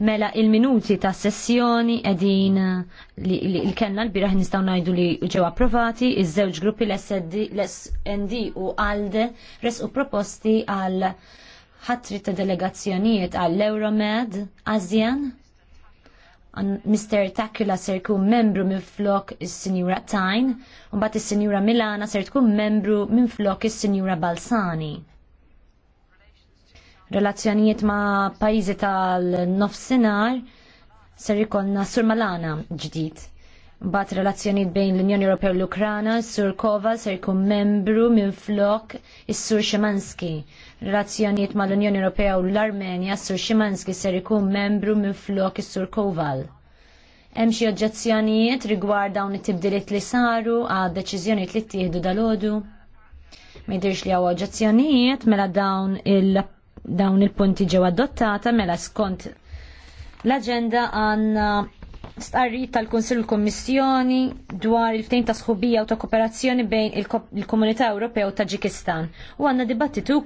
Mela il-minuti ta' sessjoni edin li l-kenna l-biraħ nistaw najdu li ġew approvati, iż-żewġ gruppi l-SND u ALDE resqu proposti għal ħatri ta' delegazzjonijiet għall euromed ASEAN. Mr. Takula ser tkun membru minn flok is-Sinjura Tajn, u mbagħad is-Sinjura Milana ser tkun membru minn flok is-Sinjura Balsani relazzjonijiet ma' pajjiżi tal-nofsinhar ser ikollna Sur Malana ġdid. Bat relazzjonijiet bejn l-Unjoni Ewropea u l-Ukrana, Sur Kova ser jkun membru minn flok is-Sur Szymanski. Relazzjonijiet mal unjoni Ewropea u l-Armenja, Sur Szymanski ser ikun membru minn flok is-Sur Koval hemm xi oġġezzjonijiet rigward dawn it-tibdiliet li saru għad deċiżjonijiet li ttieħdu dalodu. Ma jidhirx li hawn oġġezzjonijiet mela dawn il dawn il-punti ġew adottata mela skont l-agenda għanna starri tal-Kunsill l Kommissjoni dwar il-ftejn ta' sħubija u ta' kooperazzjoni bejn il-Komunità Ewropea u Taġikistan u għanna dibattitu